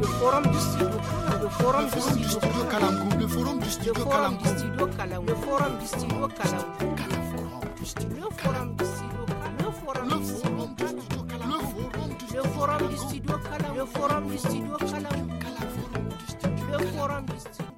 le forum du studio le forum le forum du studio le forum du studio le forum du studio le forum du studio le forum du studio le forum du studio Calam, le forum du studio le forum du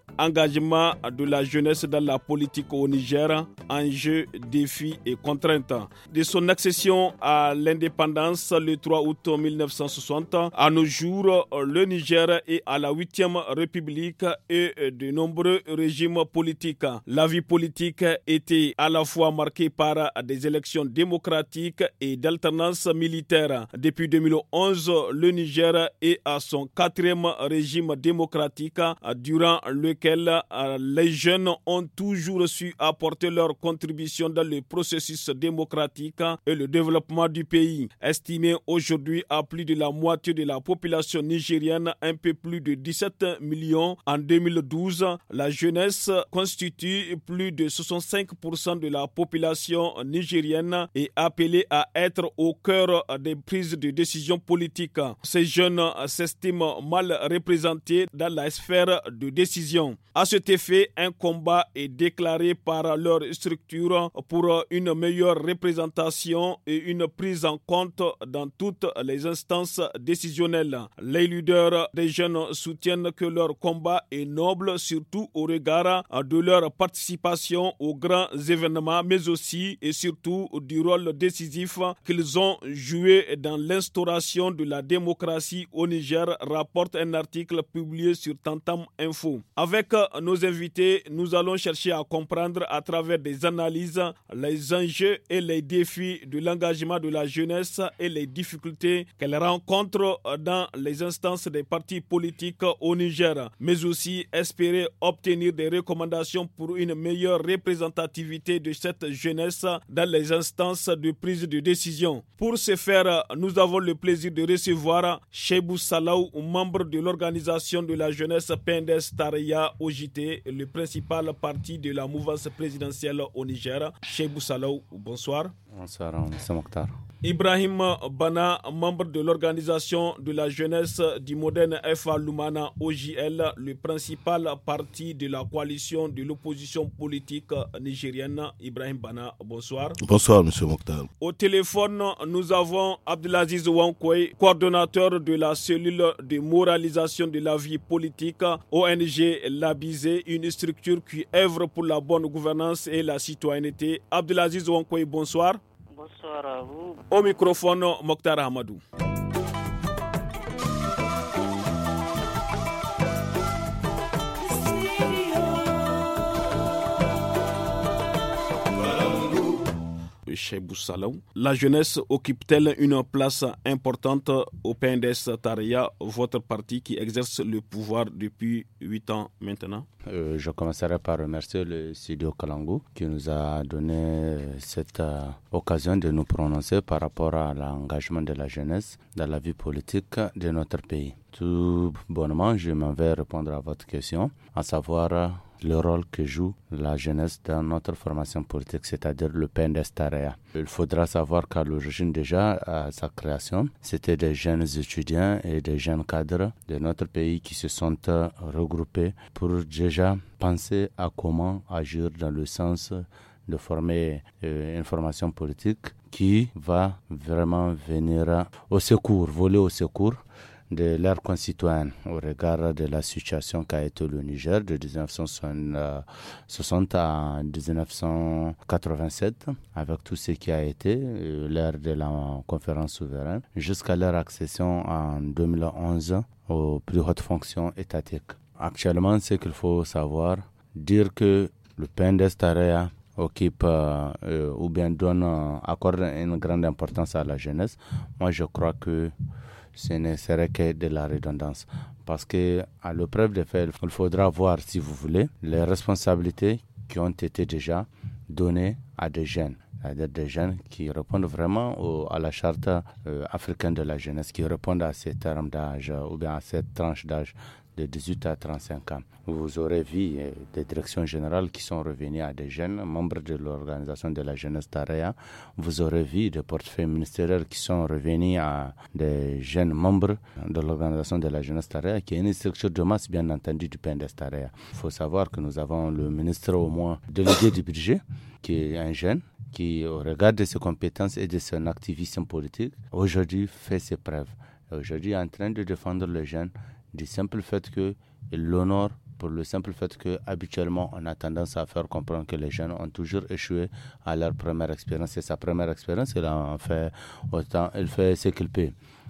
Engagement de la jeunesse dans la politique au Niger, enjeux, défis et contraintes. De son accession à l'indépendance le 3 août 1960, à nos jours, le Niger est à la 8e République et de nombreux régimes politiques. La vie politique était à la fois marquée par des élections démocratiques et d'alternance militaire. Depuis 2011, le Niger est à son quatrième régime démocratique durant le euh, les jeunes ont toujours su apporter leur contribution dans le processus démocratique et le développement du pays. Estimé aujourd'hui à plus de la moitié de la population nigérienne, un peu plus de 17 millions en 2012, la jeunesse constitue plus de 65% de la population nigérienne et appelée à être au cœur des prises de décision politiques. Ces jeunes s'estiment mal représentés dans la sphère de décision. A À cet effet, un combat est déclaré par leur structure pour une meilleure représentation et une prise en compte dans toutes les instances décisionnelles. Les leaders des jeunes soutiennent que leur combat est noble, surtout au regard de leur participation aux grands événements, mais aussi et surtout du rôle décisif qu'ils ont joué dans l'instauration de la démocratie au Niger, rapporte un article publié sur Tantam Info. Avec avec euh, nos invités, nous allons chercher à comprendre à travers des analyses les enjeux et les défis de l'engagement de la jeunesse et les difficultés qu'elle rencontre euh, dans les instances des partis politiques euh, au Niger, mais aussi espérer obtenir des recommandations pour une meilleure représentativité de cette jeunesse dans les instances de prise de décision. Pour ce faire, nous avons le plaisir de recevoir Chebou Salaou, membre de l'organisation de la jeunesse Pendestaria. Tareya OJT, le principal parti de la mouvance présidentielle au Niger. Cheikh Salou, bonsoir. Bonsoir, M. Mokhtar. Ibrahim Bana, membre de l'organisation de la jeunesse du moderne FA Lumana OJL, le principal parti de la coalition de l'opposition politique nigérienne. Ibrahim Bana, bonsoir. Bonsoir, Monsieur Mokhtar. Au téléphone, nous avons Abdelaziz Wankoy, coordonnateur de la cellule de moralisation de la vie politique, ONG la bise, une structure qui œuvre pour la bonne gouvernance et la citoyenneté. Abdelaziz Wankoy, bonsoir. Bonsoir à vous. Au microphone, Mokhtar Hamadou. chez Boussalaou. La jeunesse occupe-t-elle une place importante au PNDS Taria, votre parti qui exerce le pouvoir depuis huit ans maintenant euh, Je commencerai par remercier le studio Kalango qui nous a donné euh, cette euh, occasion de nous prononcer par rapport à l'engagement de la jeunesse dans la vie politique de notre pays. Tout bonnement, je m'en vais répondre à votre question, à savoir le rôle que joue la jeunesse dans notre formation politique, c'est-à-dire le Pendestarea. Il faudra savoir qu'à l'origine déjà, à sa création, c'était des jeunes étudiants et des jeunes cadres de notre pays qui se sont euh, regroupés pour déjà penser à comment agir dans le sens de former euh, une formation politique qui va vraiment venir au secours, voler au secours de leurs concitoyens au regard de la situation qu'a été le Niger de 1960 euh, à 1987, avec tout ce qui a été euh, l'ère de la conférence souveraine, jusqu'à leur accession en 2011 aux plus hautes fonctions étatiques. Actuellement, ce qu'il faut savoir, dire que le pain e occupe euh, ou bien donne, accorde une grande importance à la jeunesse, moi je crois que ce ne serait que de la redondance. Parce que, à l'épreuve de faits, il faudra voir, si vous voulez, les responsabilités qui ont été déjà données à des jeunes c'est-à-dire des jeunes qui répondent vraiment à la charte euh, africaine de la jeunesse, qui répondent à ces termes d'âge euh, ou bien à cette tranche d'âge de 18 à 35 ans. Vous aurez vu euh, des directions générales qui sont revenues à des jeunes membres de l'organisation de la jeunesse d'AREA. Vous aurez vu des portefeuilles ministériels qui sont revenus à des jeunes membres de l'organisation de la jeunesse tarea qui est une structure de masse, bien entendu, du PNDES d'AREA. Il faut savoir que nous avons le ministre au moins délégué du budget, qui est un jeune qui, au regard de ses compétences et de son activisme politique, aujourd'hui fait ses preuves. Aujourd'hui, en train de défendre les jeunes du simple fait que l'honneur pour le simple fait que habituellement on a tendance à faire comprendre que les jeunes ont toujours échoué à leur première expérience et sa première expérience elle a fait autant elle fait ce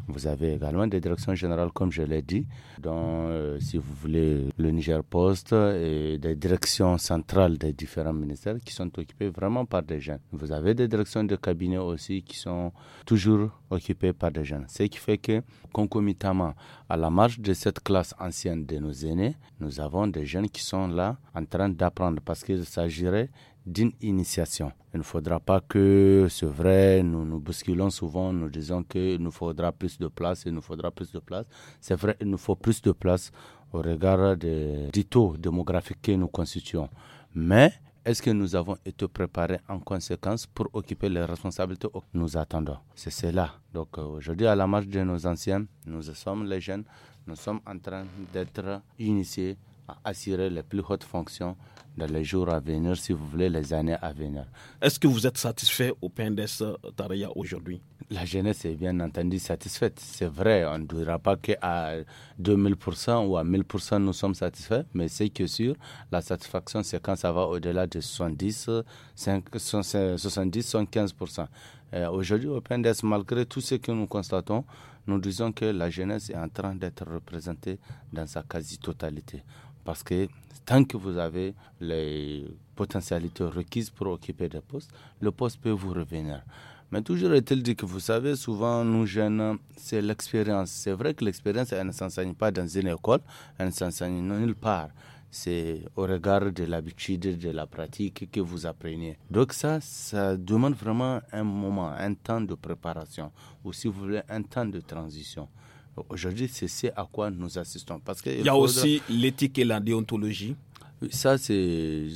vous avez également des directions générales, comme je l'ai dit, dont, euh, si vous voulez, le Niger Post et des directions centrales des différents ministères qui sont occupées vraiment par des jeunes. Vous avez des directions de cabinet aussi qui sont toujours occupées par des jeunes. Ce qui fait que, concomitamment à la marge de cette classe ancienne de nos aînés, nous avons des jeunes qui sont là en train d'apprendre parce qu'il s'agirait d'une initiation. Il ne faudra pas que, c'est vrai, nous nous bousculons souvent, nous disons qu'il nous faudra plus de place, il nous faudra plus de place. C'est vrai, il nous faut plus de place au regard des taux démographiques que nous constituons. Mais est-ce que nous avons été préparés en conséquence pour occuper les responsabilités que nous attendons C'est cela. Donc euh, aujourd'hui, à la marche de nos anciens, nous sommes les jeunes, nous sommes en train d'être initiés à assurer les plus hautes fonctions dans les jours à venir, si vous voulez, les années à venir. Est-ce que vous êtes satisfait au PNDS Taraya aujourd'hui La jeunesse est bien entendu satisfaite. C'est vrai, on ne dira pas qu'à 2000% ou à 1000% nous sommes satisfaits, mais c'est que sûr, la satisfaction, c'est quand ça va au-delà de 70, 70 75%. Aujourd'hui, au PNDS, malgré tout ce que nous constatons, nous disons que la jeunesse est en train d'être représentée dans sa quasi-totalité. Parce que tant que vous avez les potentialités requises pour occuper des postes, le poste peut vous revenir. Mais toujours est-il dit que vous savez, souvent, nous jeunes, c'est l'expérience. C'est vrai que l'expérience, elle ne s'enseigne pas dans une école, elle ne s'enseigne nulle part. C'est au regard de l'habitude, de la pratique que vous apprenez. Donc ça, ça demande vraiment un moment, un temps de préparation, ou si vous voulez, un temps de transition. Aujourd'hui, c'est ce à quoi nous assistons. Parce que il y a aussi l'éthique et la déontologie. Ça, c'est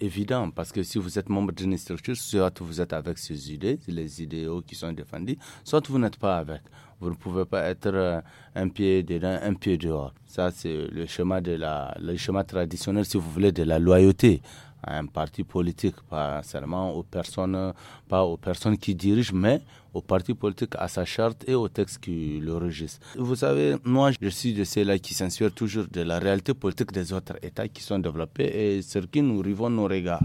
évident, parce que si vous êtes membre d'une structure, soit vous êtes avec ces idées, les idéaux qui sont défendus, soit vous n'êtes pas avec. Vous ne pouvez pas être euh, un pied dedans, un pied dehors. Ça, c'est le de le schéma traditionnel, si vous voulez, de la loyauté à un parti politique, pas seulement aux personnes, pas aux personnes qui dirigent, mais au parti politique, à sa charte et aux textes qui le régissent. Vous savez, moi, je suis de ceux-là qui s'inspirent toujours de la réalité politique des autres États qui sont développés et sur qui nous rivons nos regards.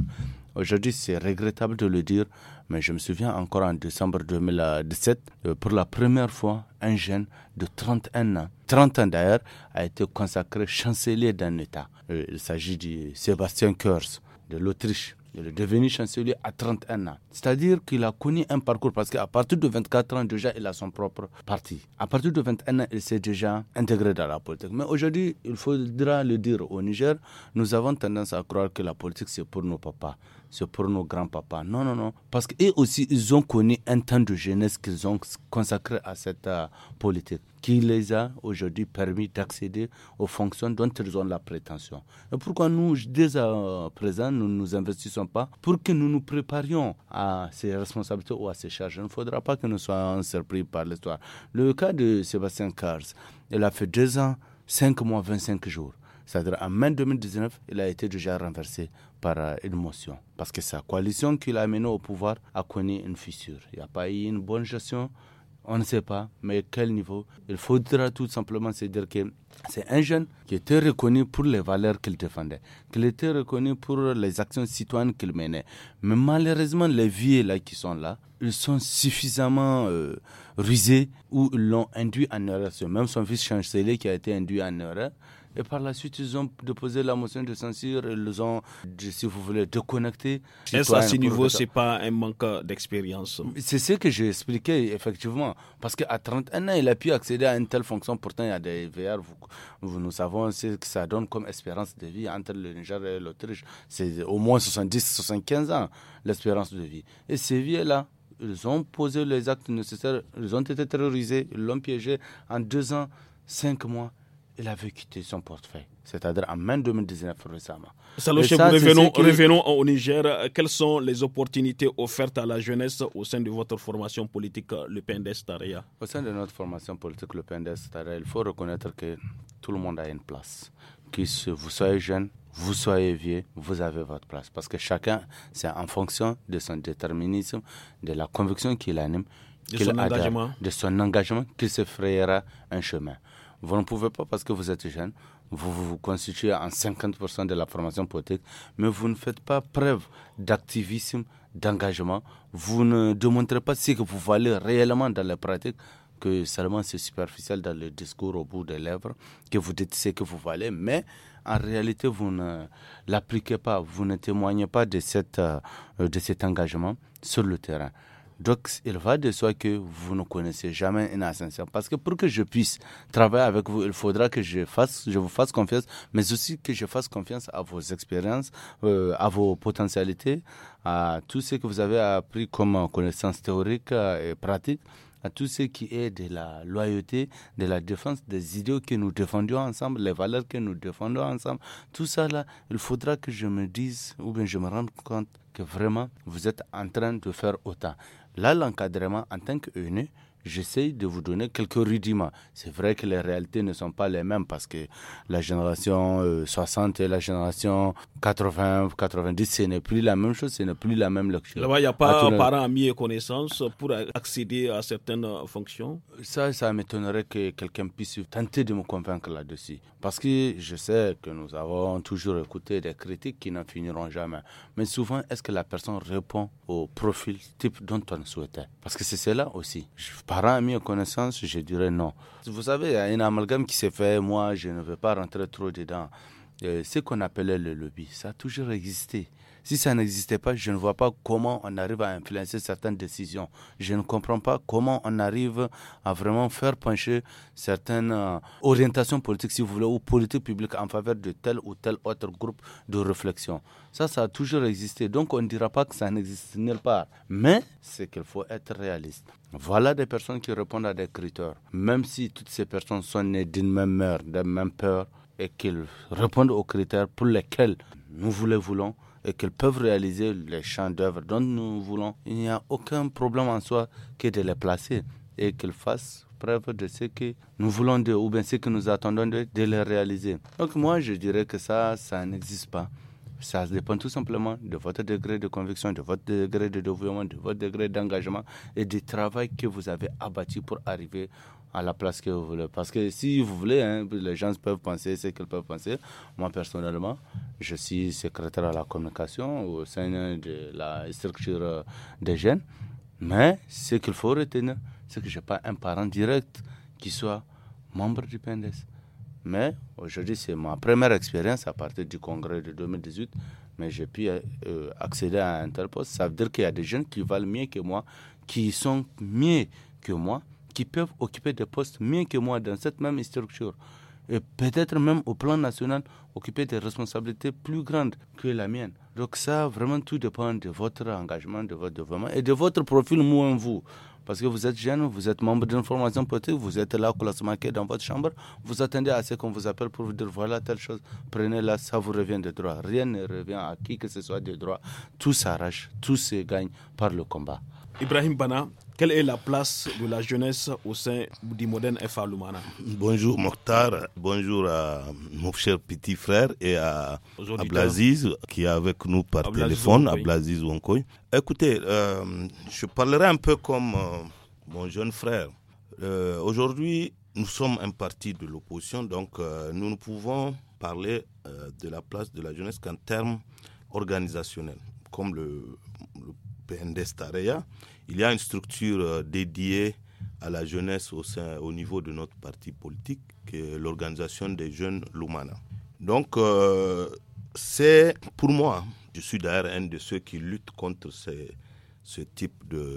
Aujourd'hui, c'est regrettable de le dire, mais je me souviens encore en décembre 2017, euh, pour la première fois, un jeune de 31 ans, 30 ans d'ailleurs, a été consacré chancelier d'un État. Euh, il s'agit de Sébastien Kers de l'Autriche. Il est devenu chancelier à 31 ans. C'est-à-dire qu'il a connu un parcours parce qu'à partir de 24 ans, déjà, il a son propre parti. À partir de 21 ans, il s'est déjà intégré dans la politique. Mais aujourd'hui, il faudra le dire au Niger, nous avons tendance à croire que la politique, c'est pour nos papas c'est pour nos grands-papas. Non, non, non. Parce qu'eux aussi, ils ont connu un temps de jeunesse qu'ils ont consacré à cette euh, politique qui les a aujourd'hui permis d'accéder aux fonctions dont ils ont la prétention. Et pourquoi nous, dès à euh, présent, nous ne nous investissons pas pour que nous nous préparions à ces responsabilités ou à ces charges Il ne faudra pas que nous soyons surpris par l'histoire. Le cas de Sébastien Kars, il a fait deux ans, cinq mois, vingt-cinq jours. C'est-à-dire en mai 2019, il a été déjà renversé par euh, une motion. Parce que sa coalition qu'il a amenée au pouvoir a connu une fissure. Il n'y a pas eu une bonne gestion. On ne sait pas, mais à quel niveau Il faudra tout simplement se dire que c'est un jeune qui était reconnu pour les valeurs qu'il défendait, qu'il était reconnu pour les actions citoyennes qu'il menait. Mais malheureusement, les vieux là qui sont là, ils sont suffisamment euh, rusés ou l'ont induit en erreur. Même son fils chancelier qui a été induit en erreur, et par la suite, ils ont déposé la motion de censure, ils ont, si vous voulez, déconnecté. Est-ce à ce niveau, ce n'est pas un manque d'expérience C'est ce que j'ai expliqué, effectivement. Parce qu'à 31 ans, il a pu accéder à une telle fonction. Pourtant, il y a des VR, vous, nous savons ce que ça donne comme espérance de vie entre le Niger et l'Autriche. C'est au moins 70-75 ans, l'espérance de vie. Et ces vieux-là, ils ont posé les actes nécessaires, ils ont été terrorisés, ils l'ont piégé en deux ans, cinq mois il avait quitté son portefeuille, c'est-à-dire en mai 2019 récemment. Salut, revenons, au Niger. Quelles sont les opportunités offertes à la jeunesse au sein de votre formation politique, le pnds taria Au sein de notre formation politique, le pnds taria il faut reconnaître que tout le monde a une place. Que vous soyez jeune, vous soyez vieux, vous avez votre place. Parce que chacun, c'est en fonction de son déterminisme, de la conviction qu'il anime, de, son de son engagement, qu'il se frayera un chemin. Vous ne pouvez pas parce que vous êtes jeune, vous vous constituez en 50% de la formation politique, mais vous ne faites pas preuve d'activisme, d'engagement. Vous ne démontrez pas ce que vous valez réellement dans la pratique que seulement c'est superficiel dans le discours au bout des lèvres, que vous dites ce que vous valez, mais en réalité, vous ne l'appliquez pas, vous ne témoignez pas de, cette, euh, de cet engagement sur le terrain. Donc, il va de soi que vous ne connaissez jamais une ascension. Parce que pour que je puisse travailler avec vous, il faudra que je, fasse, je vous fasse confiance, mais aussi que je fasse confiance à vos expériences, euh, à vos potentialités, à tout ce que vous avez appris comme connaissances théoriques euh, et pratiques, à tout ce qui est de la loyauté, de la défense des idéaux que nous défendions ensemble, les valeurs que nous défendons ensemble. Tout ça, là, il faudra que je me dise ou bien je me rende compte que vraiment vous êtes en train de faire autant là l'encadrement en tant une. J'essaie de vous donner quelques rudiments. C'est vrai que les réalités ne sont pas les mêmes parce que la génération 60 euh, et la génération 80, 90, ce n'est plus la même chose, ce n'est plus la même lecture. Là-bas, il n'y a pas ah, un parent amis et connaissances pour accéder à certaines fonctions Ça, ça m'étonnerait que quelqu'un puisse tenter de me convaincre là-dessus. Parce que je sais que nous avons toujours écouté des critiques qui n'en finiront jamais. Mais souvent, est-ce que la personne répond au profil type dont on souhaitait Parce que c'est cela aussi. Je parents mis en connaissance, je dirais non. Vous savez, il y a un amalgame qui s'est fait, moi je ne veux pas rentrer trop dedans. Euh, ce qu'on appelait le lobby, ça a toujours existé. Si ça n'existait pas, je ne vois pas comment on arrive à influencer certaines décisions. Je ne comprends pas comment on arrive à vraiment faire pencher certaines euh, orientations politiques, si vous voulez, ou politiques publiques en faveur de tel ou tel autre groupe de réflexion. Ça, ça a toujours existé. Donc, on ne dira pas que ça n'existe nulle part. Mais c'est qu'il faut être réaliste. Voilà des personnes qui répondent à des critères. Même si toutes ces personnes sont nées d'une même mère, d'une même peur, et qu'ils répondent aux critères pour lesquels nous les voulons et qu'ils peuvent réaliser les champs d'œuvre dont nous voulons, il n'y a aucun problème en soi que de les placer et qu'ils fassent preuve de ce que nous voulons de ou bien ce que nous attendons de les réaliser. Donc moi, je dirais que ça, ça n'existe pas. Ça dépend tout simplement de votre degré de conviction, de votre degré de dévouement, de votre degré d'engagement et du travail que vous avez abattu pour arriver à la place que vous voulez. Parce que si vous voulez, hein, les gens peuvent penser ce qu'ils peuvent penser. Moi, personnellement, je suis secrétaire à la communication au sein de la structure des jeunes. Mais ce qu'il faut retenir, c'est que je n'ai pas un parent direct qui soit membre du PNDS. Mais aujourd'hui, c'est ma première expérience à partir du congrès de 2018. Mais j'ai pu euh, accéder à un tel poste. Ça veut dire qu'il y a des jeunes qui valent mieux que moi, qui sont mieux que moi, qui peuvent occuper des postes mieux que moi dans cette même structure et peut-être même au plan national occuper des responsabilités plus grandes que la mienne. Donc ça, vraiment, tout dépend de votre engagement, de votre développement et de votre profil, moins vous. Parce que vous êtes jeune, vous êtes membre d'une formation politique, vous êtes là est dans votre chambre, vous attendez à ce qu'on vous appelle pour vous dire voilà telle chose, prenez-la, ça vous revient de droit. Rien ne revient à qui que ce soit de droit. Tout s'arrache, tout se gagne par le combat. Ibrahim Bana, quelle est la place de la jeunesse au sein du moderne FA Lumana Bonjour Mokhtar, bonjour à mon cher petit frère et à Ablaziz qui est avec nous par téléphone, Ablaziz Wonkoy. Écoutez, euh, je parlerai un peu comme euh, mon jeune frère. Euh, aujourd'hui, nous sommes un parti de l'opposition, donc nous ne pouvons parler de la place de la jeunesse qu'en termes organisationnels, comme le il y a une structure euh, dédiée à la jeunesse au, sein, au niveau de notre parti politique, qui est l'organisation des jeunes Lumana. Donc, euh, c'est pour moi, je suis d'ailleurs un de ceux qui luttent contre ce type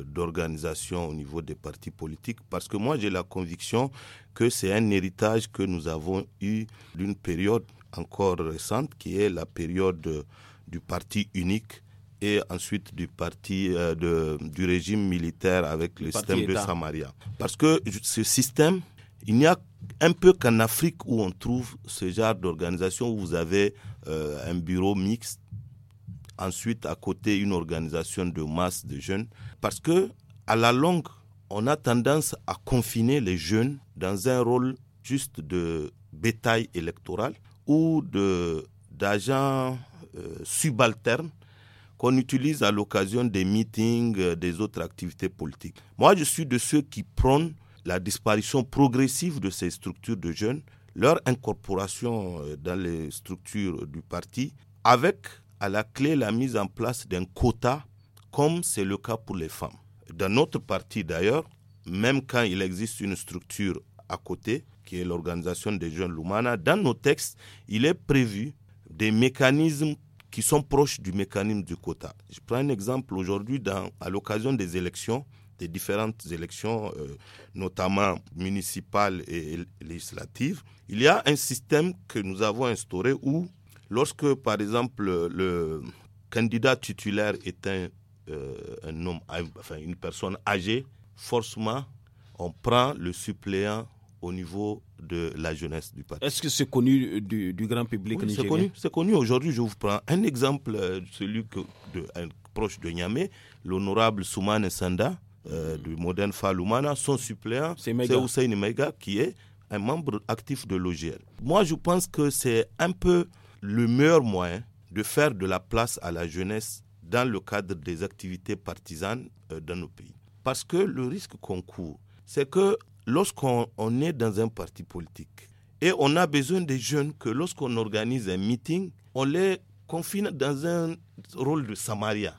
d'organisation au niveau des partis politiques, parce que moi j'ai la conviction que c'est un héritage que nous avons eu d'une période encore récente, qui est la période euh, du parti unique, et ensuite du parti euh, de, du régime militaire avec le, système de Samaria. Parce que ce système, il n'y a un peu qu'en Afrique où on trouve ce genre d'organisation où vous avez euh, un bureau mixte, ensuite à côté une organisation de masse de jeunes, parce que à la longue, on a tendance à confiner les jeunes dans un rôle juste de bétail électoral ou de d'agents euh, qu'on utilise à l'occasion des meetings, euh, des autres activités politiques. Moi, je suis de ceux qui prônent la disparition progressive de ces structures de jeunes, leur incorporation euh, dans les structures du parti, avec à la clé la mise en place d'un quota, comme c'est le cas pour les femmes. Dans notre parti d'ailleurs, même quand il existe une structure à côté, qui est l'organisation des jeunes Lumana, dans nos textes, il est prévu des mécanismes qui sont proches du mécanisme du quota. Je prends un exemple aujourd'hui à l'occasion des élections, des différentes élections, euh, notamment municipales et, législatives. Il y a un système que nous avons instauré où, lorsque par exemple le candidat titulaire est un euh, homme, une personne âgée, forcément on prend le suppléant au niveau de la jeunesse du parti. Est-ce que c'est connu du, grand public oui, C'est connu, connu. aujourd'hui. Je vous prends un exemple, euh, celui que, de, un, proche de Niamey, l'honorable Soumane Sanda euh, hmm. du Modern Falumana, son suppléant, c'est Hussein Mega, qui est un membre actif de l'OGL. Moi, je pense que c'est un peu le meilleur moyen de faire de la place à la jeunesse dans le cadre des activités partisanes euh, dans nos pays. Parce que le risque qu'on court, c'est que lorsqu'on est dans un parti politique et on a besoin des jeunes que lorsqu'on organise un meeting, on les confine dans un rôle de Samaria.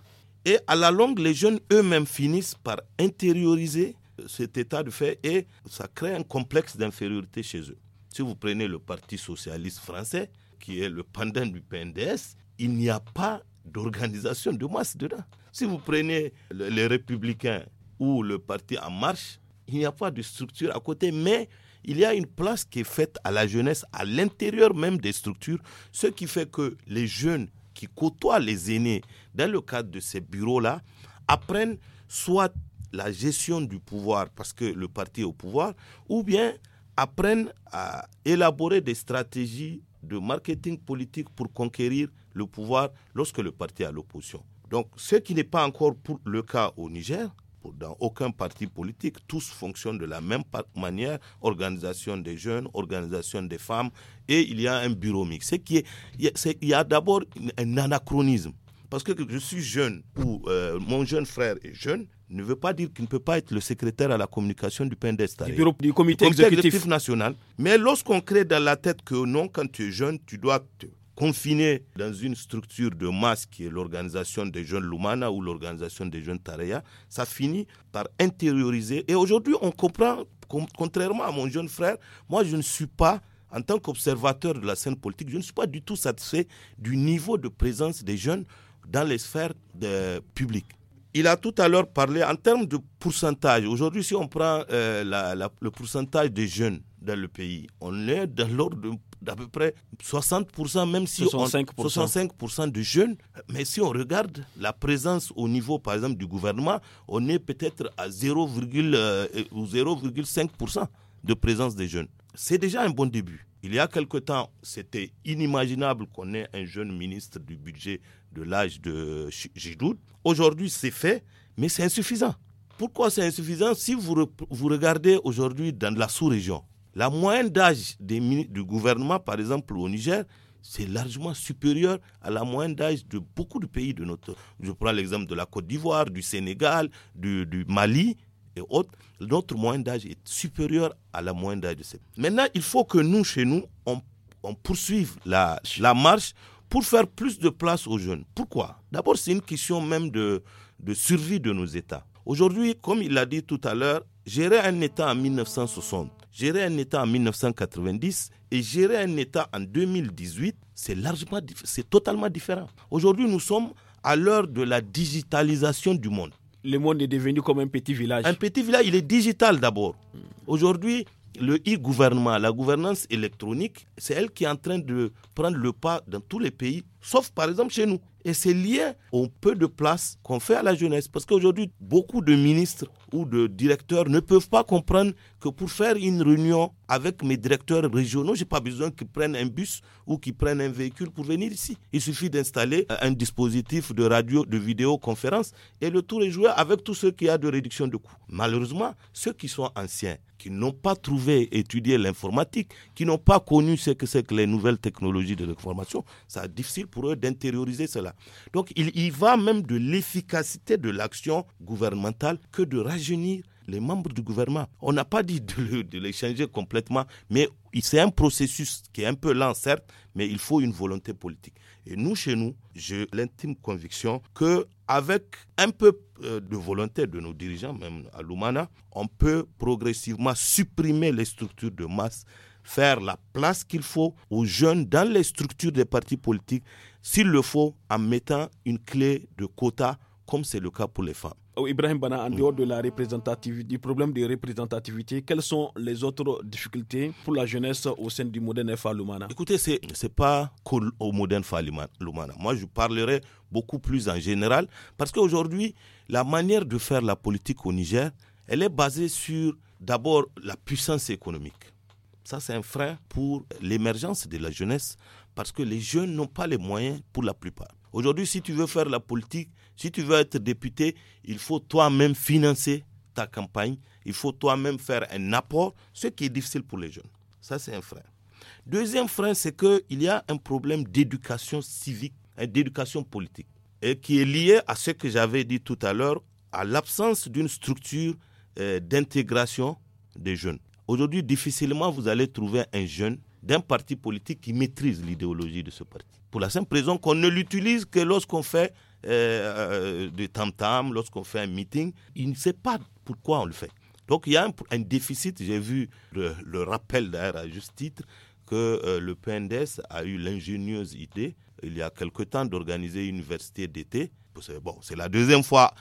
Et à la longue, les jeunes eux-mêmes finissent par intérioriser cet état de fait et ça crée un complexe d'infériorité chez eux. Si vous prenez le Parti socialiste français, qui est le pendant du PNDS, il n'y a pas d'organisation de masse dedans. Si vous prenez les républicains ou le Parti en marche, il n'y a pas de structure à côté, mais il y a une place qui est faite à la jeunesse à l'intérieur même des structures, ce qui fait que les jeunes qui côtoient les aînés dans le cadre de ces bureaux-là apprennent soit la gestion du pouvoir parce que le parti est au pouvoir, ou bien apprennent à élaborer des stratégies de marketing politique pour conquérir le pouvoir lorsque le parti est à l'opposition. Donc ce qui n'est pas encore pour le cas au Niger, dans aucun parti politique. Tous fonctionnent de la même manière, organisation des jeunes, organisation des femmes, et il y a un bureau mixte. qui est, il y a, d'abord un anachronisme. Parce que je suis jeune, ou euh, mon jeune frère est jeune, ne veut pas dire qu'il ne peut pas être le secrétaire à la communication du PNDESTA. Du, du comité, exécutif. exécutif national. Mais lorsqu'on crée dans la tête que non, quand tu es jeune, tu dois te confiné dans une structure de masse qui est l'organisation des jeunes Lumana ou l'organisation des jeunes Tareya, ça finit par intérioriser. Et aujourd'hui, on comprend, contrairement à mon jeune frère, moi je ne suis pas en tant qu'observateur de la scène politique, je ne suis pas du tout satisfait du niveau de présence des jeunes dans les sphères de, publiques. Il a tout à l'heure parlé en termes de pourcentage. Aujourd'hui, si on prend euh, le pourcentage des jeunes dans le pays, on est dans l'ordre de d'à peu près 60%, même si 65%. on 65% de jeunes. Mais si on regarde la présence au niveau, par exemple, du gouvernement, on est peut-être à 0,5% euh, de présence des jeunes. C'est déjà un bon début. Il y a quelque temps, c'était inimaginable qu'on ait un jeune ministre du budget de l'âge de Jidoud. Aujourd'hui, c'est fait, mais c'est insuffisant. Pourquoi c'est insuffisant Si vous, vous regardez aujourd'hui dans la sous-région, la moyenne d'âge du gouvernement, par exemple au Niger, c'est largement supérieur à la moyenne d'âge de beaucoup de pays de notre. Je prends l'exemple de la Côte d'Ivoire, du Sénégal, du, Mali et autres. Notre moyenne d'âge est supérieure à la moyenne d'âge de ces. Maintenant, il faut que nous, chez nous, on, poursuive la, marche pour faire plus de place aux jeunes. Pourquoi D'abord, c'est une question même de, de survie de nos États. Aujourd'hui, comme il l'a dit tout à l'heure, gérer un État en 1960 Gérer un État en 1990 et gérer un État en 2018, c'est largement, c'est totalement différent. Aujourd'hui, nous sommes à l'heure de la digitalisation du monde. Le monde est devenu comme un petit village. Un petit village, il est digital d'abord. Hmm. Aujourd'hui, le e-gouvernement, la gouvernance électronique, c'est elle qui est en train de prendre le pas dans tous les pays, sauf par exemple chez nous. Et c'est lié au peu de place qu'on fait à la jeunesse. Parce qu'aujourd'hui, beaucoup de ministres ou de directeurs ne peuvent pas comprendre que pour faire une réunion avec mes directeurs régionaux, je n'ai pas besoin qu'ils prennent un bus ou qu'ils prennent un véhicule pour venir ici. Il suffit d'installer un dispositif de radio, de vidéoconférence et le tour est joué avec tout ce qu'il y a de réduction de coûts. Malheureusement, ceux qui sont anciens, qui n'ont pas trouvé, étudié l'informatique, qui n'ont pas connu ce que c'est que les nouvelles technologies de l'information, c'est difficile pour eux d'intérioriser cela. Donc il y va même de l'efficacité de l'action gouvernementale que de rajeunir les membres du gouvernement. On n'a pas dit de, les changer complètement, mais c'est un processus qui est un peu lent, certes, mais il faut une volonté politique. Et nous, chez nous, j'ai l'intime conviction que avec un peu euh, de volonté de nos dirigeants, même à Lumana, on peut progressivement supprimer les structures de masse faire la place qu'il faut aux jeunes dans les structures des partis politiques, s'il le faut, en mettant une clé de quota, comme c'est le cas pour les femmes. Oh, Ibrahim Bana, en dehors de la représentativité, du problème de représentativité, quelles sont les autres difficultés pour la jeunesse au sein du Modène Falumana Écoutez, ce n'est pas qu'au Modène Falumana. Moi, je parlerai beaucoup plus en général parce qu'aujourd'hui, la manière de faire la politique au Niger, elle est basée sur d'abord la puissance économique. Ça, c'est un frein pour l'émergence de la jeunesse parce que les jeunes n'ont pas les moyens pour la plupart. Aujourd'hui, si tu veux faire la politique, si tu veux être député, il faut toi-même financer ta campagne, il faut toi-même faire un apport, ce qui est difficile pour les jeunes. Ça, c'est un frein. Deuxième frein, c'est qu'il y a un problème d'éducation civique, hein, d'éducation politique, et qui est lié à ce que j'avais dit tout à l'heure, à l'absence d'une structure euh, d'intégration des jeunes. Aujourd'hui, difficilement, vous allez trouver un jeune d'un parti politique qui maîtrise l'idéologie de ce parti. Pour la simple raison qu'on ne l'utilise que lorsqu'on fait euh, euh, des tam-tam, lorsqu'on fait un meeting. Il ne sait pas pourquoi on le fait. Donc il y a un, déficit. J'ai vu le, rappel d'ailleurs à juste titre que euh, le PNDS a eu l'ingénieuse idée il y a quelque temps d'organiser une université d'été. Bon, c'est la deuxième fois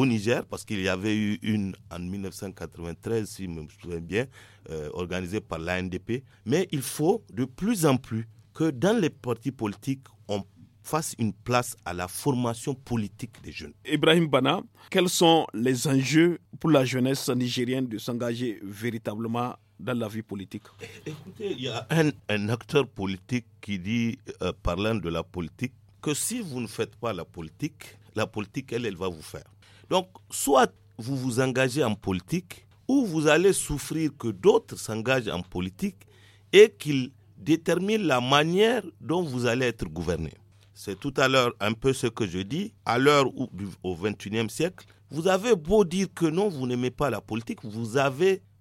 au Niger, parce qu'il y avait eu une en 1993, si je me souviens bien, euh, organisée par l'ANDP. Mais il faut de plus en plus que dans les partis politiques, on fasse une place à la formation politique des jeunes. Ibrahim Bana, quels sont les enjeux pour la jeunesse nigérienne de s'engager véritablement dans la vie politique Écoutez, il y a un, acteur politique qui dit, euh, parlant de la politique, que si vous ne faites pas la politique, la politique, elle, elle va vous faire. Donc, soit vous vous engagez en politique, ou vous allez souffrir que d'autres s'engagent en politique et qu'ils déterminent la manière dont vous allez être gouverné. C'est tout à l'heure un peu ce que je dis. À l'heure au XXIe siècle, vous avez beau dire que non, vous n'aimez pas la politique, vous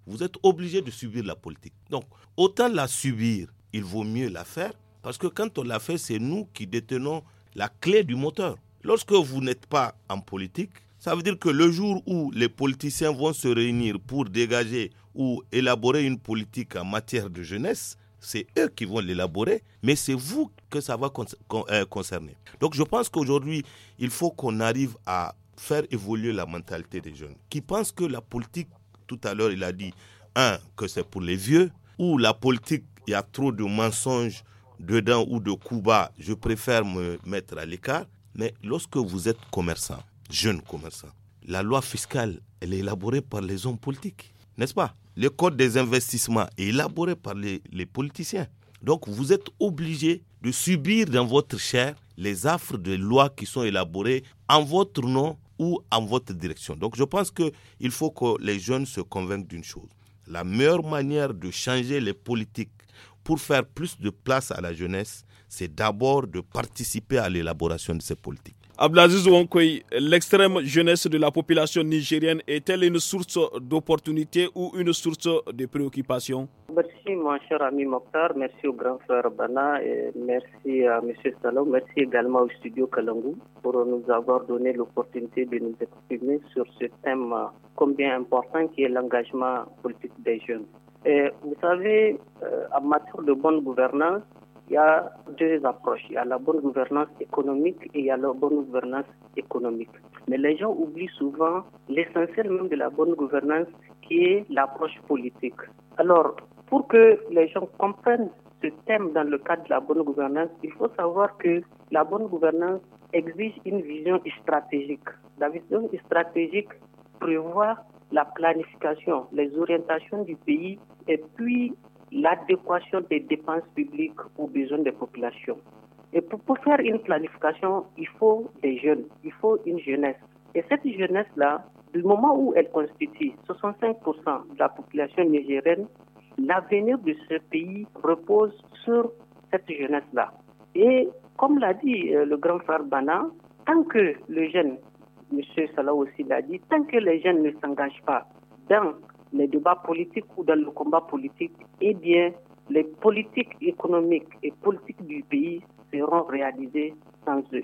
vous êtes obligé de subir la politique. Donc, autant la subir, il vaut mieux la faire, parce que quand on la fait, c'est nous qui détenons la clé du moteur. Lorsque vous n'êtes pas en politique, ça veut dire que le jour où les politiciens vont se réunir pour dégager ou élaborer une politique en matière de jeunesse, c'est eux qui vont l'élaborer, mais c'est vous que ça va euh, concerner. Donc je pense qu'aujourd'hui, il faut qu'on arrive à faire évoluer la mentalité des jeunes, qui pensent que la politique, tout à l'heure il a dit, un, que c'est pour les vieux, ou la politique, il y a trop de mensonges dedans ou de coups bas, je préfère me mettre à l'écart. Mais lorsque vous êtes commerçant, jeunes commerçants. La loi fiscale, elle est élaborée par les hommes politiques, n'est-ce pas Le code des investissements est élaboré par les, politiciens. Donc vous êtes obligés de subir dans votre chair les affres de lois qui sont élaborées en votre nom ou en votre direction. Donc je pense qu'il faut que les jeunes se convainquent d'une chose. La meilleure manière de changer les politiques pour faire plus de place à la jeunesse, c'est d'abord de participer à l'élaboration de ces politiques. Abdelaziz Wankoy, l'extrême jeunesse de la population nigérienne est-elle une source d'opportunité ou une source de préoccupation Merci mon cher ami Mokhtar, merci au grand frère Bana, et merci à M. Salon, merci également au studio Kalangou pour nous avoir donné l'opportunité de nous exprimer sur ce thème combien important qui est l'engagement politique des jeunes. Et vous savez, euh, en matière de bonne gouvernance, il y a deux approches. Il y a la bonne gouvernance économique et il y a la bonne gouvernance économique. Mais les gens oublient souvent l'essentiel même de la bonne gouvernance qui est l'approche politique. Alors, pour que les gens comprennent ce thème dans le cadre de la bonne gouvernance, il faut savoir que la bonne gouvernance exige une vision stratégique. La vision stratégique prévoit la planification, les orientations du pays et puis l'adéquation des dépenses publiques aux besoins des populations. Et pour, faire une planification, il faut des jeunes, il faut une jeunesse. Et cette jeunesse-là, du moment où elle constitue 65% de la population nigérienne, l'avenir de ce pays repose sur cette jeunesse-là. Et comme l'a dit euh, le grand frère Bana, tant que le jeune, M. Salah aussi l'a dit, tant que les jeunes ne s'engagent pas dans les débats politiques ou dans le combat politique, eh bien, les politiques économiques et politiques du pays seront réalisées sans eux.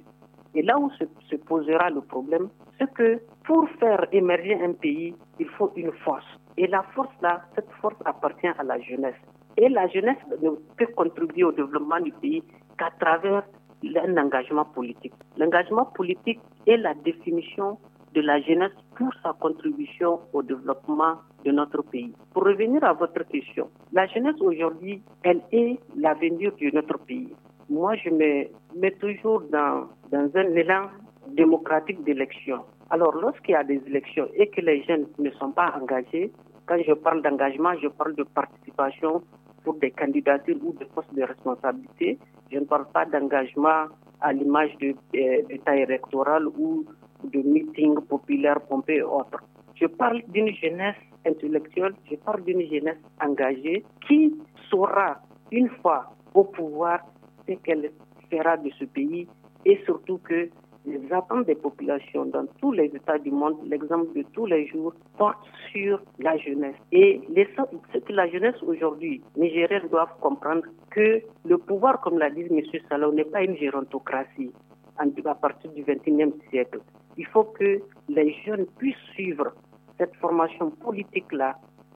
Et là où se, posera le problème, c'est que pour faire émerger un pays, il faut une force. Et la force là, cette force appartient à la jeunesse. Et la jeunesse ne peut contribuer au développement du pays qu'à travers un engagement politique. L'engagement politique est la définition de la jeunesse pour sa contribution au développement de notre pays. Pour revenir à votre question, la jeunesse aujourd'hui, elle est l'avenir de notre pays. Moi, je me mets toujours dans, dans un élan démocratique d'élection. Alors, lorsqu'il y a des élections et que les jeunes ne sont pas engagés, quand je parle d'engagement, je parle de participation pour des candidatures ou des postes de responsabilité. Je ne parle pas d'engagement à l'image de euh, taille électoral ou de meetings populaires pompés et autres. Je parle d'une jeunesse intellectuelle, je parle d'une jeunesse engagée qui saura, une fois au pouvoir, ce qu'elle fera de ce pays et surtout que les attentes des populations dans tous les États du monde, l'exemple de tous les jours, porte sur la jeunesse. Et ce que la jeunesse aujourd'hui, nigérienne doivent comprendre que le pouvoir, comme l'a dit M. Salon, n'est pas une gérontocratie à partir du XXIe siècle. Il faut que les jeunes puissent suivre cette formation politique-là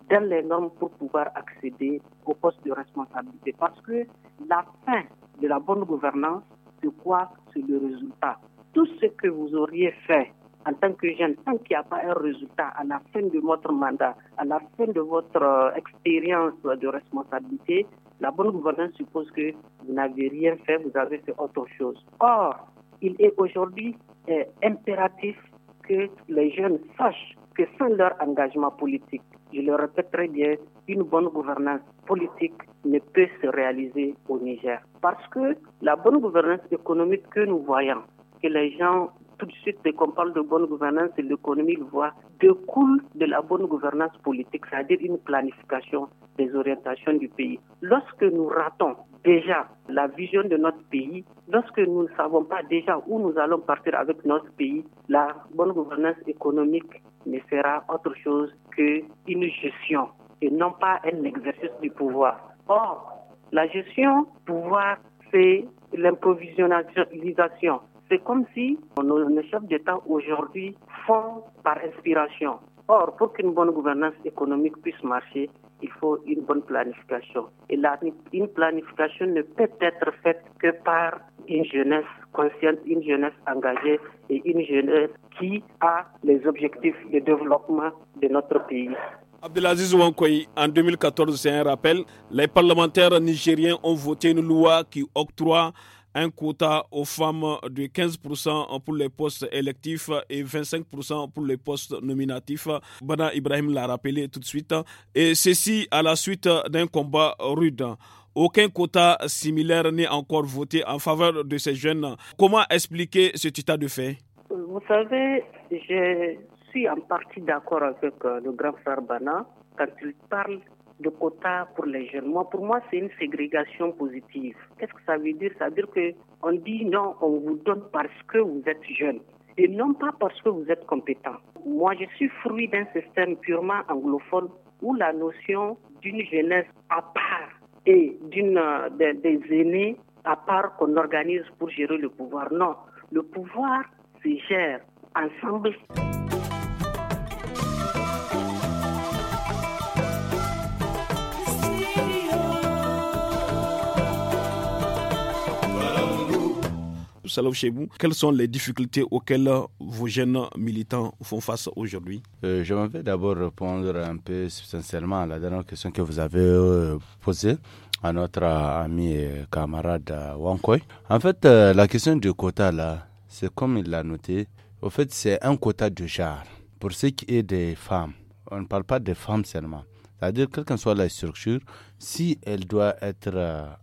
dans les normes pour pouvoir accéder au poste de responsabilité. Parce que la fin de la bonne gouvernance, c'est quoi C'est le résultat. Tout ce que vous auriez fait en tant que jeune, tant qu'il n'y a pas un résultat à la fin de votre mandat, à la fin de votre euh, expérience de responsabilité, la bonne gouvernance suppose que vous n'avez rien fait, vous avez fait autre chose. Or, il est aujourd'hui euh, impératif que les jeunes sachent que sans leur engagement politique, je le répète très bien, une bonne gouvernance politique ne peut se réaliser au Niger. Parce que la bonne gouvernance économique que nous voyons, que les gens tout de suite, dès qu'on parle de bonne gouvernance et l'économie, voit voit découle de la bonne gouvernance politique, c'est-à-dire une planification des orientations du pays. Lorsque nous ratons déjà la vision de notre pays, lorsque nous ne savons pas déjà où nous allons partir avec notre pays, la bonne gouvernance économique ne sera autre chose qu'une gestion et non pas un exercice du pouvoir. Or, la gestion, pouvoir, c'est l'improvisionnalisation, c'est comme si nos, chefs d'État aujourd'hui font par inspiration. Or, pour qu'une bonne gouvernance économique puisse marcher, il faut une bonne planification. Et la, une planification ne peut être faite que par une jeunesse consciente, une jeunesse engagée et une jeunesse qui a les objectifs de développement de notre pays. Abdelaziz Wankoi. en 2014, c'est un rappel, les parlementaires nigériens ont voté une loi qui octroie un quota aux femmes de 15% pour les postes électifs et 25% pour les postes nominatifs. Bana Ibrahim l'a rappelé tout de suite. Et ceci à la suite d'un combat rude. Aucun quota similaire n'est encore voté en faveur de ces jeunes. Comment expliquer ce état de fait Vous savez, je suis en partie d'accord avec euh, le grand frère Bana quand il parle de quotas pour les jeunes. Moi, pour moi, c'est une ségrégation positive. Qu'est-ce que ça veut dire Ça veut dire qu'on dit non, on vous donne parce que vous êtes jeune et non pas parce que vous êtes compétent. Moi, je suis fruit d'un système purement anglophone où la notion d'une jeunesse à part et d'une euh, des, des aînés à part qu'on organise pour gérer le pouvoir. Non, le pouvoir se gère ensemble. chez vous quelles sont les difficultés auxquelles vos jeunes militants font face aujourd'hui euh, Je vais d'abord répondre un peu substantiellement à la dernière question que vous avez euh, posée à notre euh, ami et camarade Wankoy. En fait, la question du quota, là, c'est comme il l'a noté, au fait, c'est un quota de genre. Pour ce qui est des femmes, on ne parle pas des femmes seulement. C'est-à-dire, quelle que soit la structure, si elle doit être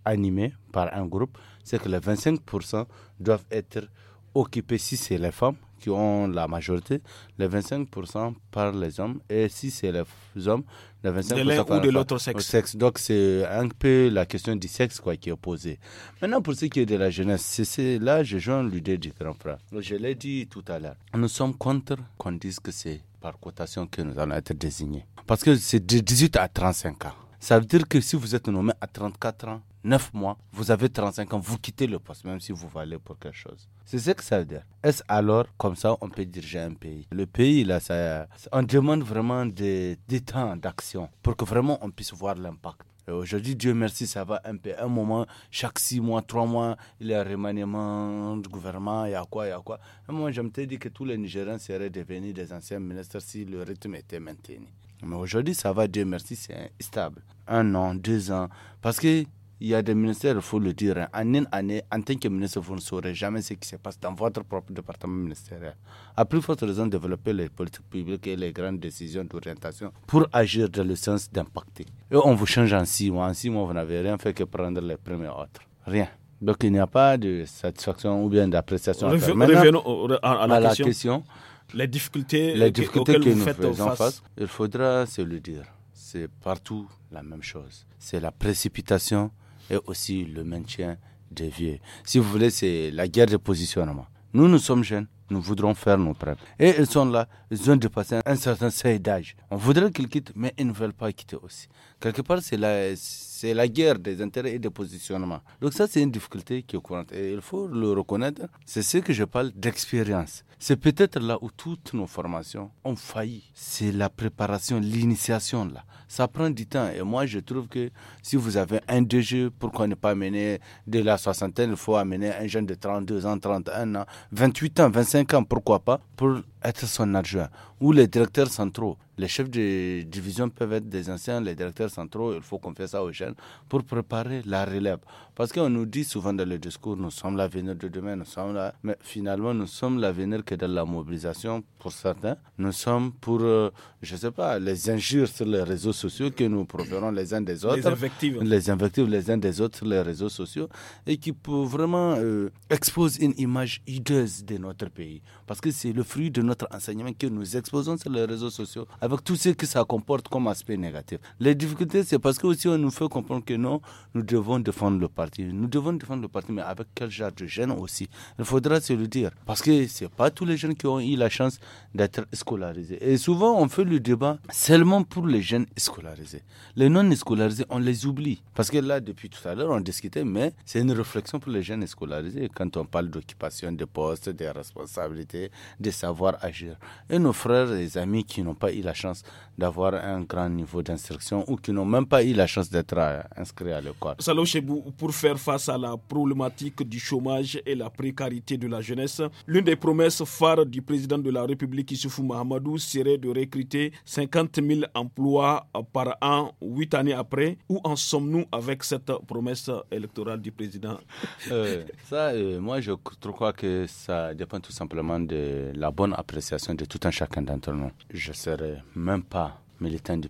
animée par un groupe, c'est que les 25% doivent être occupés si c'est les femmes qui ont la majorité, les 25% par les hommes, et si c'est les hommes, les 25% de l'un ou de l'autre sexe. Donc c'est un peu la question du sexe quoi, qui est posée. Maintenant, pour ce qui est de la jeunesse, c'est là je joins l'idée du grand frère. Je l'ai dit tout à l'heure, nous sommes contre qu'on dise que c'est par cotation que nous allons être désignés. Parce que c'est de 18 à 35 ans. Ça veut dire que si vous êtes nommé à 34 ans, 9 mois, vous avez 35 ans, vous quittez le poste, même si vous valez pour quelque chose. C'est ce que ça veut dire. Est-ce alors comme ça on peut diriger un pays Le pays, là, ça, on demande vraiment des, des temps d'action pour que vraiment on puisse voir l'impact. Aujourd'hui, Dieu merci, ça va un peu. Un moment, chaque six mois, trois mois, il y a un remaniement du gouvernement, il y a quoi, il y a quoi. Moi, je me suis dit que tous les Nigériens seraient devenus des anciens ministres si le rythme était maintenu. Mais aujourd'hui, ça va, Dieu merci, c'est stable. Un an, deux ans. Parce que il y a des ministères, il faut le dire, hein. en une année, en tant que ministre, vous ne saurez jamais ce qui se passe dans votre propre département ministériel. À plus forte raison, développer les politiques publiques et les grandes décisions d'orientation pour agir dans le sens d'impacter. Et on vous change en six mois. En six mois, vous n'avez rien fait que prendre les premiers autres. Rien. Donc il n'y a pas de satisfaction ou bien d'appréciation. Revenons à, la, question. Les difficultés, les difficultés que, nous faisons face. face, il faudra se le dire. C'est partout la même chose. C'est la précipitation, et aussi le maintien des vieux. Si vous voulez, c'est la guerre de positionnement. Nous, nous sommes jeunes, nous voudrons faire nos preuves. Et ils sont là, ils ont dépassé un certain seuil d'âge. On voudrait qu'ils quittent, mais ils ne veulent pas quitter aussi. Quelque part, c'est la, c'est la guerre des intérêts et des positionnements. Donc ça, c'est une difficulté qui est courante. Et il faut le reconnaître. C'est ce que je parle d'expérience. C'est peut-être là où toutes nos formations ont failli. C'est la préparation, l'initiation là. Ça prend du temps. Et moi, je trouve que si vous avez un DG, pourquoi ne pas amener de la soixantaine, il faut amener un jeune de 32 ans, 31 ans, 28 ans, 25 ans, pourquoi pas, pour être son adjoint. Ou les directeurs centraux les chefs de division peuvent être des anciens, les directeurs centraux, il faut qu'on fasse ça aux jeunes pour préparer la relève. Parce qu'on nous dit souvent dans le discours, nous sommes l'avenir de demain, nous sommes là. Mais finalement, nous sommes l'avenir que dans la mobilisation pour certains. Nous sommes pour, euh, je ne sais pas, les injures sur les réseaux sociaux que nous proférons les uns des autres. Les invectives. Les invectives les uns des autres sur les réseaux sociaux et qui peuvent vraiment euh, Exposer une image hideuse de notre pays. Parce que c'est le fruit de notre enseignement que nous exposons sur les réseaux sociaux avec tout ce que ça comporte comme aspect négatif. Les difficultés, c'est parce que aussi on nous fait comprendre que non, nous devons défendre le parti. Nous devons défendre le parti, mais avec quel genre de jeunes aussi Il faudra se le dire. Parce que ce n'est pas tous les jeunes qui ont eu la chance d'être scolarisés. Et souvent, on fait le débat seulement pour les jeunes scolarisés. Les non scolarisés, on les oublie. Parce que là, depuis tout à l'heure, on discutait, mais c'est une réflexion pour les jeunes scolarisés quand on parle d'occupation de postes, des responsabilités, de savoir agir. Et nos frères et amis qui n'ont pas eu la chance d'avoir un grand niveau d'instruction ou qui n'ont même pas eu la chance d'être euh, inscrits à l'école. Salou Chebou, pour faire face à la problématique du chômage et la précarité de la jeunesse, l'une des promesses phares du président de la République Issoufou Mahamadou serait de recruter 50 000 emplois par an, huit années après. Où en sommes-nous avec cette promesse électorale du président euh, Ça, euh, moi, je crois que ça dépend tout simplement de la bonne appréciation de tout un chacun d'entre nous. Je serai même pas militant du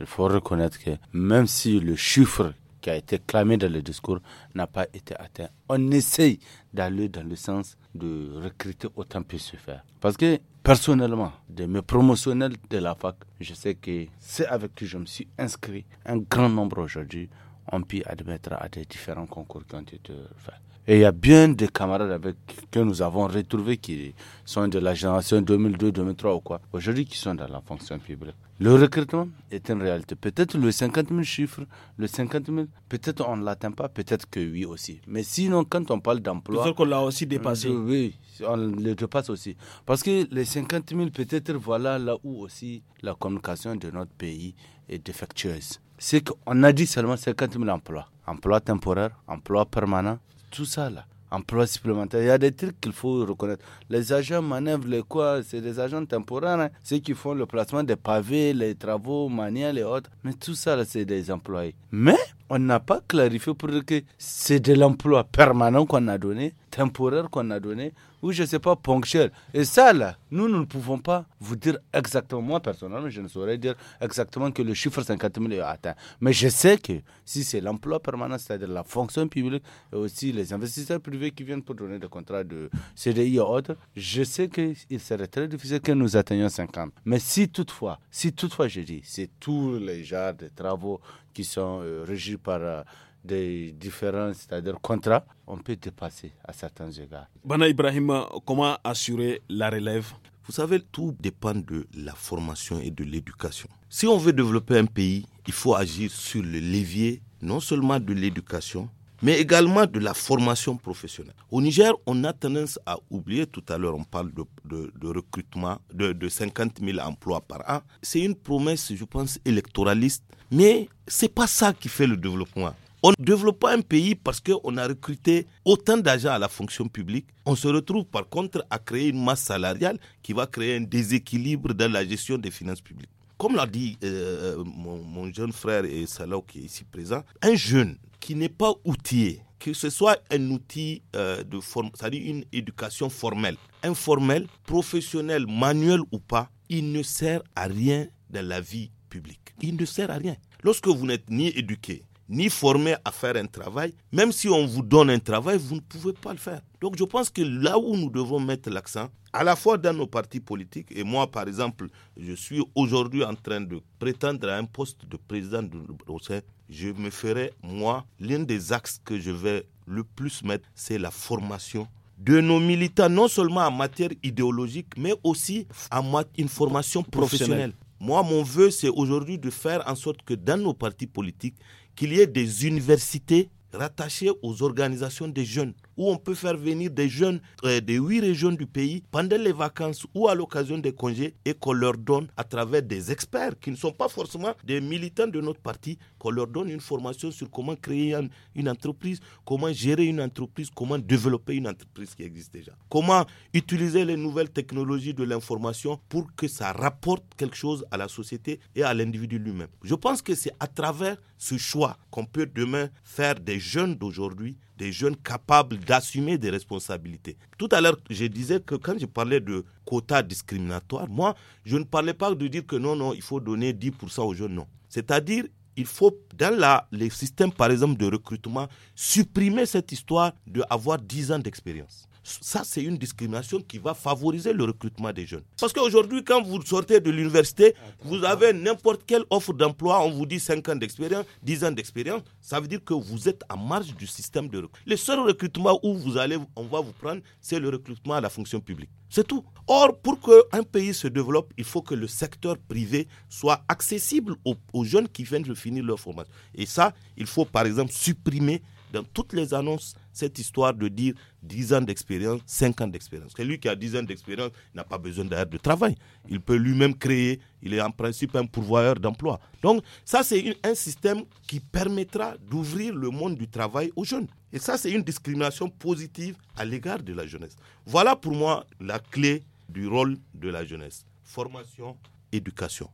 il faut reconnaître que même si le chiffre qui a été clamé dans le discours n'a pas été atteint, on essaye d'aller dans le sens de recruter autant que se faire. Parce que personnellement, de mes promotionnels de la fac, je sais que c'est avec qui je me suis inscrit. Un grand nombre aujourd'hui ont pu admettre à des différents concours qui ont été faits. Et il y a bien des camarades avec que nous avons retrouvés qui sont de la génération 2002-2003 ou quoi, aujourd'hui qui sont dans la fonction publique. Le recrutement est une réalité. Peut-être le 50 000 chiffres, le 50 000, peut-être on ne l'atteint pas, peut-être que oui aussi. Mais sinon, quand on parle d'emploi. Peut-être qu'on l'a aussi dépassé. Euh, oui, on le dépasse aussi. Parce que les 50 000, peut-être voilà là où aussi la communication de notre pays est défectueuse. C'est qu'on a dit seulement 50 000 emplois. Emploi temporaire, emploi permanent, tout ça là. Emploi supplémentaire. Il y a des trucs qu'il faut reconnaître. Les agents manœuvrent les quoi C'est des agents temporaires, hein. ceux qui font le placement des pavés, les travaux manuels et autres. Mais tout ça, là, c'est des employés. Mais on n'a pas clarifié pour dire que c'est de l'emploi permanent qu'on a donné, temporaire qu'on a donné, ou je ne sais pas, ponctuelle. Et ça, là, nous, nous ne pouvons pas vous dire exactement, moi personnellement, je ne saurais dire exactement que le chiffre 50 000 est atteint. Mais je sais que si c'est l'emploi permanent, c'est-à-dire la fonction publique, et aussi les investisseurs privés qui viennent pour donner des contrats de CDI et autres, je sais qu'il serait très difficile que nous atteignions 50. Mais si toutefois, si toutefois, je dis, c'est tous les genres de travaux qui sont euh, régis par... Euh, des différents, c'est-à-dire contrats, on peut dépasser à certains égards. Bana Ibrahim, comment assurer la relève Vous savez, tout dépend de la formation et de l'éducation. Si on veut développer un pays, il faut agir sur le levier non seulement de l'éducation, mais également de la formation professionnelle. Au Niger, on a tendance à oublier, tout à l'heure on parle de, recrutement de, de, 50 000 emplois par an. C'est une promesse, je pense, électoraliste, mais c'est pas ça qui fait le développement. On ne développe pas un pays parce qu'on a recruté autant d'agents à la fonction publique. On se retrouve par contre à créer une masse salariale qui va créer un déséquilibre dans la gestion des finances publiques. Comme l'a dit euh, mon, jeune frère et Salah qui est ici présent, un jeune qui n'est pas outillé, que ce soit un outil euh, de forme, c'est-à-dire une éducation formelle, informelle, professionnelle, manuelle ou pas, il ne sert à rien dans la vie publique. Il ne sert à rien. Lorsque vous n'êtes ni éduqué, ni formé à faire un travail. Même si on vous donne un travail, vous ne pouvez pas le faire. Donc je pense que là où nous devons mettre l'accent, à la fois dans nos partis politiques, et moi par exemple, je suis aujourd'hui en train de prétendre à un poste de président de l'Ouest, je me ferai, moi, l'un des axes que je vais le plus mettre, c'est la formation de nos militants, non seulement en matière idéologique, mais aussi en une formation professionnelle. Moi, mon vœu, c'est aujourd'hui de faire en sorte que dans nos partis politiques, qu'il y ait des universités rattachées aux organisations des jeunes où on peut faire venir des jeunes euh, des huit régions du pays pendant les vacances ou à l'occasion des congés et qu'on leur donne à travers des experts qui ne sont pas forcément des militants de notre parti, qu'on leur donne une formation sur comment créer une entreprise, comment gérer une entreprise, comment développer une entreprise qui existe déjà, comment utiliser les nouvelles technologies de l'information pour que ça rapporte quelque chose à la société et à l'individu lui-même. Je pense que c'est à travers ce choix qu'on peut demain faire des jeunes d'aujourd'hui des jeunes capables d'assumer des responsabilités. Tout à l'heure, je disais que quand je parlais de quotas discriminatoires, moi, je ne parlais pas de dire que non, non, il faut donner 10% aux jeunes, non. C'est-à-dire, il faut, dans les systèmes, par exemple, de recrutement, supprimer cette histoire d'avoir 10 ans d'expérience ça c'est une discrimination qui va favoriser le recrutement des jeunes. Parce qu'aujourd'hui, quand vous sortez de l'université, vous avez n'importe quelle offre d'emploi, on vous dit 5 ans d'expérience, 10 ans d'expérience, ça veut dire que vous êtes en marge du système de recrutement. Le seul recrutement où vous allez, on va vous prendre, c'est le recrutement à la fonction publique. C'est tout. Or, pour qu'un pays se développe, il faut que le secteur privé soit accessible aux, aux jeunes qui viennent de finir leur formation. Et ça, il faut par exemple supprimer dans toutes les annonces cette histoire de dire 10 ans d'expérience, 5 ans d'expérience. Celui qui a 10 ans d'expérience n'a pas besoin d'ailleurs de travail. Il peut lui-même créer, il est en principe un pourvoyeur d'emploi. Donc ça, c'est un système qui permettra d'ouvrir le monde du travail aux jeunes. Et ça, c'est une discrimination positive à l'égard de la jeunesse. Voilà pour moi la clé du rôle de la jeunesse. Formation, éducation.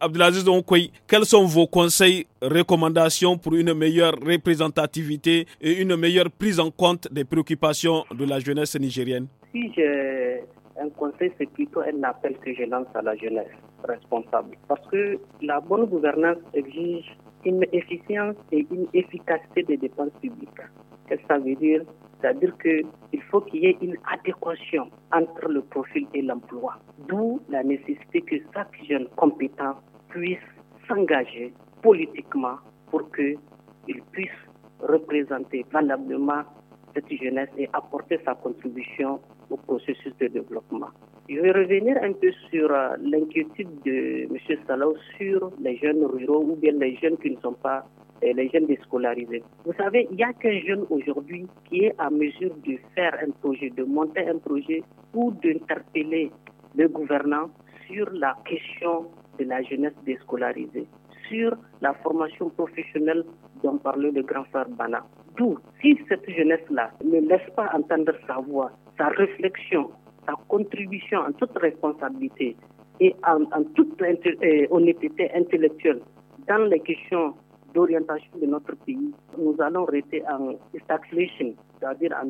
Abdelaziz Onkoy, quels sont vos conseils, recommandations pour une meilleure représentativité et une meilleure prise en compte des préoccupations de la jeunesse nigérienne Si j'ai un conseil, c'est plutôt un appel que je lance à la jeunesse responsable. Parce que la bonne gouvernance exige une efficience et une efficacité des dépenses publiques. Qu'est-ce que ça veut dire c'est-à-dire qu'il faut qu'il y ait une adéquation entre le profil et l'emploi. D'où la nécessité que chaque jeune compétent puisse s'engager politiquement pour qu'il puisse représenter valablement cette jeunesse et apporter sa contribution au processus de développement. Je vais revenir un peu sur euh, l'inquiétude de M. Salau sur les jeunes ruraux ou bien les jeunes qui ne sont pas les jeunes déscolarisés. Vous savez, il n'y a qu'un jeune aujourd'hui qui est à mesure de faire un projet, de monter un projet ou d'interpeller le gouvernement sur la question de la jeunesse déscolarisée, sur la formation professionnelle dont parlait le grand frère Bana. D'où, si cette jeunesse-là ne laisse pas entendre sa voix, sa réflexion, sa contribution en toute responsabilité et en, toute euh, honnêteté intellectuelle dans les questions d'orientation de notre pays, nous allons rester en stagflation, c'est-à-dire en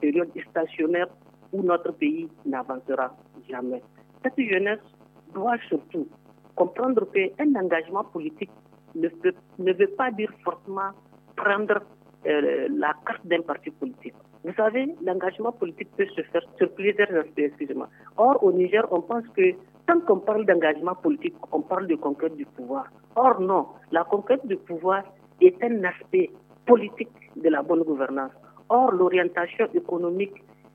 période stationnaire où notre pays n'avancera jamais. Cette jeunesse doit surtout comprendre qu'un engagement politique ne, ne, veut pas dire fortement prendre euh, la carte d'un parti politique. Vous savez, l'engagement politique peut se faire sur plusieurs aspects, excusez-moi. Or, au Niger, on pense que quand on parle d'engagement politique, on parle de conquête du pouvoir. Or non, la conquête du pouvoir est un aspect politique de la bonne gouvernance. Or, l'orientation économique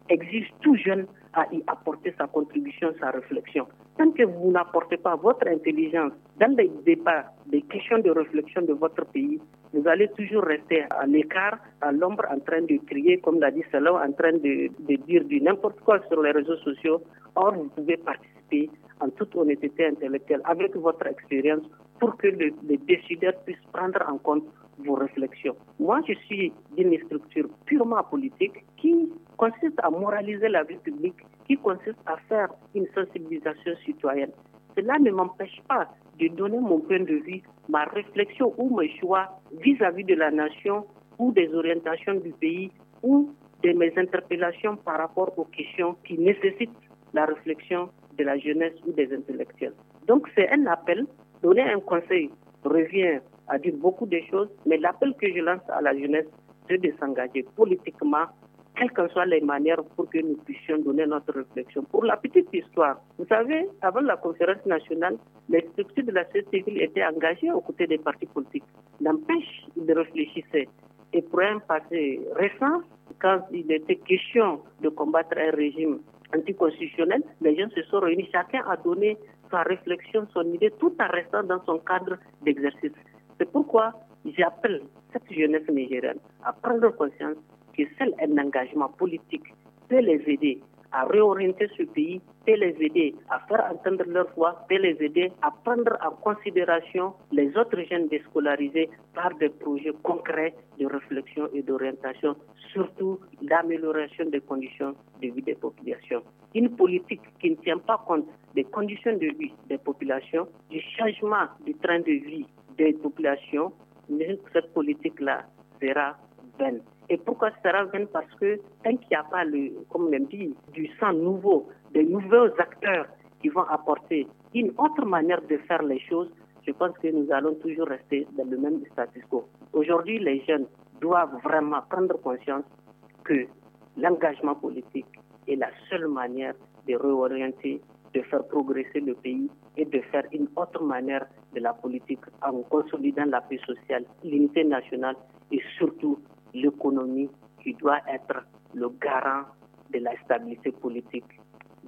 exige tout jeune à y apporter sa contribution, sa réflexion. Tant que vous n'apportez pas votre intelligence dans les débats les questions de réflexion de votre pays, vous allez toujours rester à l'écart, à l'ombre, en train de crier, comme l'a dit Salon, en train de, dire du n'importe quoi sur les réseaux sociaux. Or, vous pouvez participer pays en toute honnêteté intellectuelle avec votre expérience pour que les décideurs puissent prendre en compte vos réflexions. Moi, je suis d'une structure purement politique qui consiste à moraliser la vie publique, qui consiste à faire une sensibilisation citoyenne. Cela ne m'empêche pas de donner mon point de vue, ma réflexion ou mes choix vis à -vis de la nation ou des orientations du pays ou de mes interpellations par rapport aux questions qui nécessitent la réflexion de la jeunesse ou des intellectuels. Donc c'est un appel, donner un conseil revient à dire beaucoup de choses, mais l'appel que je lance à la jeunesse, c'est de s'engager politiquement, quelles que soient les manières pour que nous puissions donner notre réflexion. Pour la petite histoire, vous savez, avant la conférence nationale, les structures de la société civile étaient engagées aux côtés des partis politiques. N'empêche, de réfléchissaient. Et pour un passé récent, quand il était question de combattre un régime anticonstitutionnel, les jeunes se sont réunis, chacun a donné sa réflexion, son idée, tout en restant dans son cadre d'exercice. C'est pourquoi j'appelle cette jeunesse nigérienne à prendre conscience que seul un engagement politique peut les aider à réorienter ce pays peut les aider à faire entendre leur voix, peut les aider à prendre en considération les autres jeunes déscolarisés par des projets concrets de réflexion et d'orientation, surtout d'amélioration des conditions de vie des populations. Une politique qui ne tient pas compte des conditions de vie des populations, du changement du train de vie des populations, cette politique-là sera vaine. Et pourquoi sera revient Parce que tant qu'il n'y a pas, le, comme on dit, du sang nouveau, des nouveaux acteurs qui vont apporter une autre manière de faire les choses, je pense que nous allons toujours rester dans le même status quo. Aujourd'hui, les jeunes doivent vraiment prendre conscience que l'engagement politique est la seule manière de réorienter, de faire progresser le pays et de faire une autre manière de la politique en consolidant la paix sociale, l'unité nationale et surtout l'économie qui doit être le garant de la stabilité politique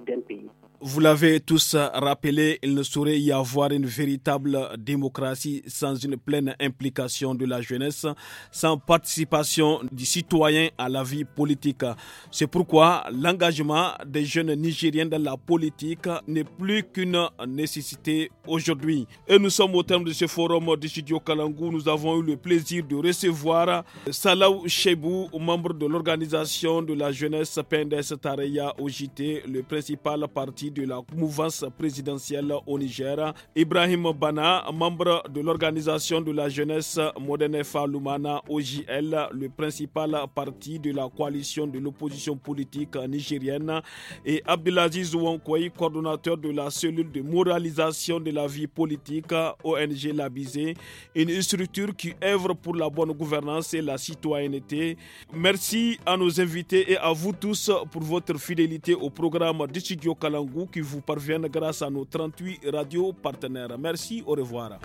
d'un pays. Vous l'avez tous rappelé, il ne saurait y avoir une véritable démocratie sans une pleine implication de la jeunesse, sans participation du citoyen à la vie politique. C'est pourquoi l'engagement des jeunes Nigériens dans la politique n'est plus qu'une nécessité aujourd'hui. Et nous sommes au terme de ce forum de studio Kalangou. Nous avons eu le plaisir de recevoir Salaw Shebu, membre de l'organisation de la jeunesse PNDS Tareya OJT, le principal parti de la mouvance présidentielle au Niger. Ibrahim Bana, membre de l'organisation de la jeunesse moderne Lumana OJL, le principal parti de la coalition de l'opposition politique nigérienne, et Abdelaziz Ouankoui, coordonnateur de la cellule de moralisation de la vie politique ONG Labizé, une structure qui œuvre pour la bonne gouvernance et la citoyenneté. Merci à nos invités et à vous tous pour votre fidélité au programme de studio Kalangou qui vous parviennent grâce à nos 38 radios partenaires. Merci, au revoir.